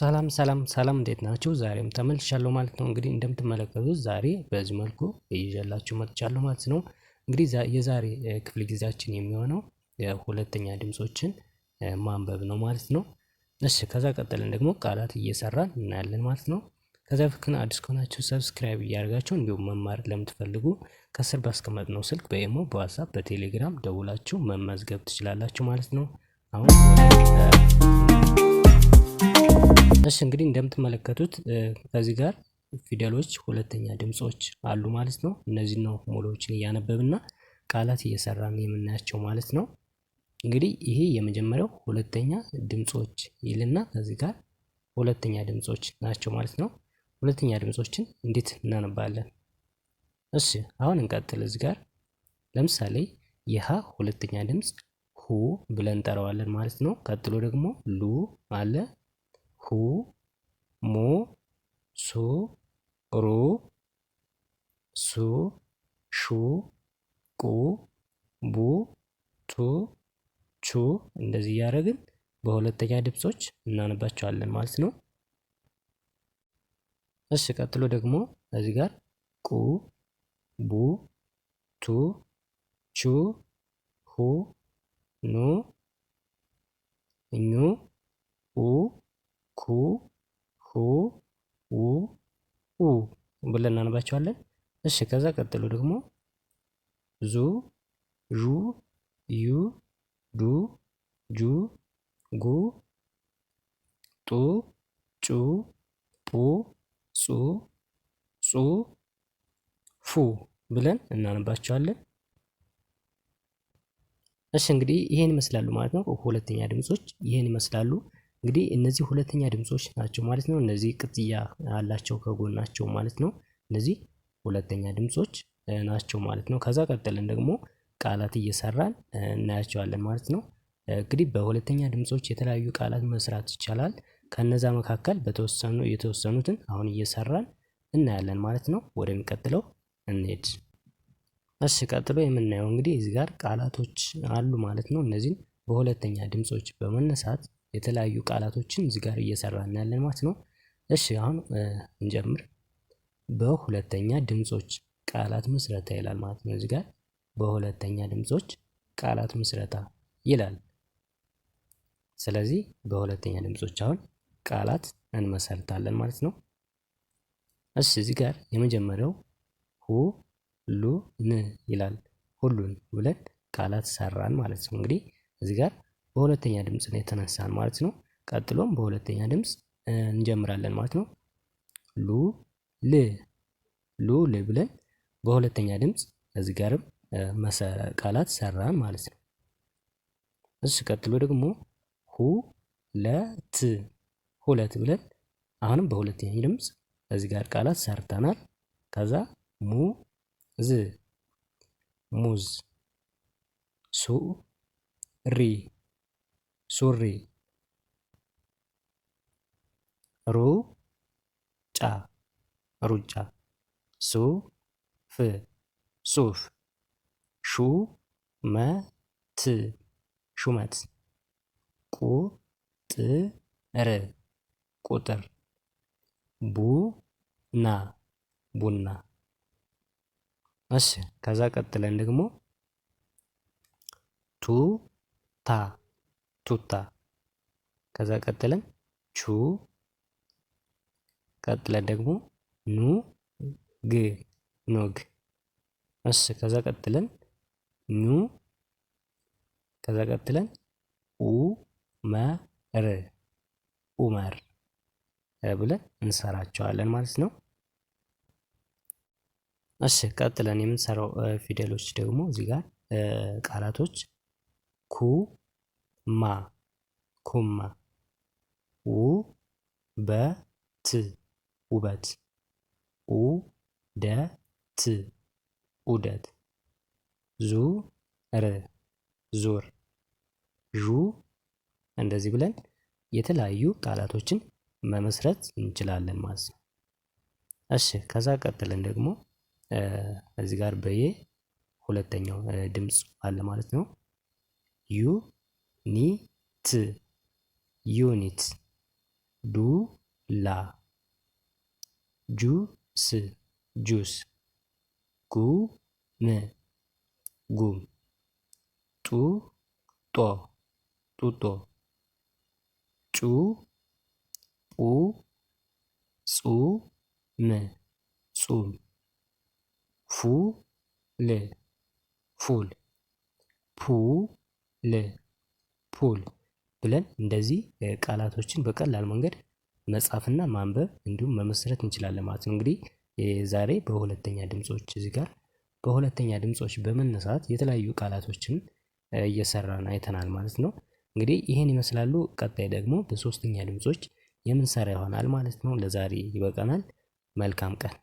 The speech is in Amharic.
ሰላም ሰላም ሰላም እንዴት ናችሁ? ዛሬም ተመልሻለሁ ማለት ነው። እንግዲህ እንደምትመለከቱት ዛሬ በዚህ መልኩ ይዤላችሁ መጥቻለሁ ማለት ነው። እንግዲህ የዛሬ ክፍል ጊዜያችን የሚሆነው ሁለተኛ ድምፆችን ማንበብ ነው ማለት ነው። እሺ ከዛ ቀጥለን ደግሞ ቃላት እየሰራን እናያለን ማለት ነው። ከዛ ፍክን አዲስ ከሆናችሁ ሰብስክራይብ እያደርጋችሁ እንዲሁም መማር ለምትፈልጉ ከስር ባስቀመጥ ነው ስልክ በኢሞ በዋትሳፕ በቴሌግራም ደውላችሁ መመዝገብ ትችላላችሁ ማለት ነው። አሁን እሺ እንግዲህ እንደምትመለከቱት ከዚህ ጋር ፊደሎች ሁለተኛ ድምፆች አሉ ማለት ነው። እነዚህ ነው ሙሉዎችን እያነበብና ቃላት እየሰራን የምናያቸው ማለት ነው። እንግዲህ ይሄ የመጀመሪያው ሁለተኛ ድምፆች ይልና ከዚህ ጋር ሁለተኛ ድምፆች ናቸው ማለት ነው። ሁለተኛ ድምፆችን እንዴት እናነባለን? እሺ አሁን እንቀጥል። እዚህ ጋር ለምሳሌ የሀ ሁለተኛ ድምፅ ሁ ብለን እንጠራዋለን ማለት ነው። ቀጥሎ ደግሞ ሉ አለ ሁ ሙ ሱ ሩ ሱ ሹ ቁ ቡ ቱ ቹ እንደዚህ እያደረግን በሁለተኛ ድምጾች እናነባቸዋለን ማለት ነው። እሺ ቀጥሎ ደግሞ እዚህ ጋር ቁ ቡ ቱ ቹ ሁ ኑ እኙ ሁ ሁ ው ኡ ብለን እናነባቸዋለን። እሺ ከዛ ቀጥሎ ደግሞ ዙ ዡ ዩ ዱ ጁ ጉ ጡ ጩ ጡ ጹ ጹ ፉ ብለን እናነባቸዋለን። እሺ እንግዲህ ይሄን ይመስላሉ ማለት ነው። ሁለተኛ ድምጾች ይሄን ይመስላሉ። እንግዲህ እነዚህ ሁለተኛ ድምጾች ናቸው ማለት ነው። እነዚህ ቅጥያ አላቸው ከጎናቸው ማለት ነው። እነዚህ ሁለተኛ ድምጾች ናቸው ማለት ነው። ከዛ ቀጥለን ደግሞ ቃላት እየሰራን እናያቸዋለን ማለት ነው። እንግዲህ በሁለተኛ ድምጾች የተለያዩ ቃላት መስራት ይቻላል። ከነዛ መካከል በተወሰኑ የተወሰኑትን አሁን እየሰራን እናያለን ማለት ነው። ወደሚቀጥለው እንሄድ። እሺ ቀጥሎ የምናየው እንግዲህ እዚህ ጋር ቃላቶች አሉ ማለት ነው። እነዚህን በሁለተኛ ድምጾች በመነሳት የተለያዩ ቃላቶችን እዚህ ጋር እየሰራ እናያለን ማለት ነው። እሺ አሁን እንጀምር። በሁለተኛ ድምጾች ቃላት ምስረታ ይላል ማለት ነው። እዚህ ጋር በሁለተኛ ድምጾች ቃላት ምስረታ ይላል። ስለዚህ በሁለተኛ ድምጾች አሁን ቃላት እንመሰርታለን ማለት ነው። እሺ እዚህ ጋር የመጀመሪያው ን ይላል። ሁሉን ብለን ቃላት ሰራን ማለት ነው። እንግዲህ እዚህ ጋር በሁለተኛ ድምፅ ነው የተነሳን ማለት ነው። ቀጥሎም በሁለተኛ ድምፅ እንጀምራለን ማለት ነው። ሉ ል ሉ ል ብለን በሁለተኛ ድምፅ እዚህ ጋርም ቃላት ሰራን ማለት ነው። እሱ ቀጥሎ ደግሞ ሁ ለት ሁለት ብለን አሁንም በሁለተኛ ድምፅ እዚህ ጋር ቃላት ሰርተናል። ከዛ ሙ ዝ ሙዝ ሱ ሪ ሱሪ ሩጫ ሩጫ ሱፍ ሱፍ ሹመት ሹመት ቁጥር ቡ ና ቡና እሺ ከዛ ቀጥለን ደግሞ ቱ ታ። ቱታ ከዛ ቀጥለን ቹ ቀጥለን ደግሞ ኑ ግ ኑግ እስ ከዛ ቀጥለን ኑ ከዛ ቀጥለን ኡ መር ኡመር ብለን እንሰራቸዋለን ማለት ነው። እሺ ቀጥለን የምንሰራው ፊደሎች ደግሞ እዚህ ጋር ቃላቶች ኩ ማ ኩማ ው በ ት ውበት ኡ ደ ት ዑደት ዙ ር ዙር ዡ እንደዚህ ብለን የተለያዩ ቃላቶችን መመስረት እንችላለን ማለት ነው። እሺ ከዛ ቀጥለን ደግሞ እዚህ ጋር በየ ሁለተኛው ድምጽ አለ ማለት ነው። ዩ ኒት ዩኒት ዱላ ጁስ ጁስ ጉም ጉም ጦ ጡጦ ጩ ጹ ጹም ጹም ፉ ል ፉል ፑ ል ፑል ብለን እንደዚህ ቃላቶችን በቀላል መንገድ መጻፍና ማንበብ እንዲሁም መመስረት እንችላለን ማለት ነው። እንግዲህ ዛሬ በሁለተኛ ድምጾች እዚህ ጋር በሁለተኛ ድምጾች በመነሳት የተለያዩ ቃላቶችን እየሰራን አይተናል ማለት ነው። እንግዲህ ይሄን ይመስላሉ። ቀጣይ ደግሞ በሶስተኛ ድምጾች የምንሰራ ይሆናል ማለት ነው። ለዛሬ ይበቃናል። መልካም ቀን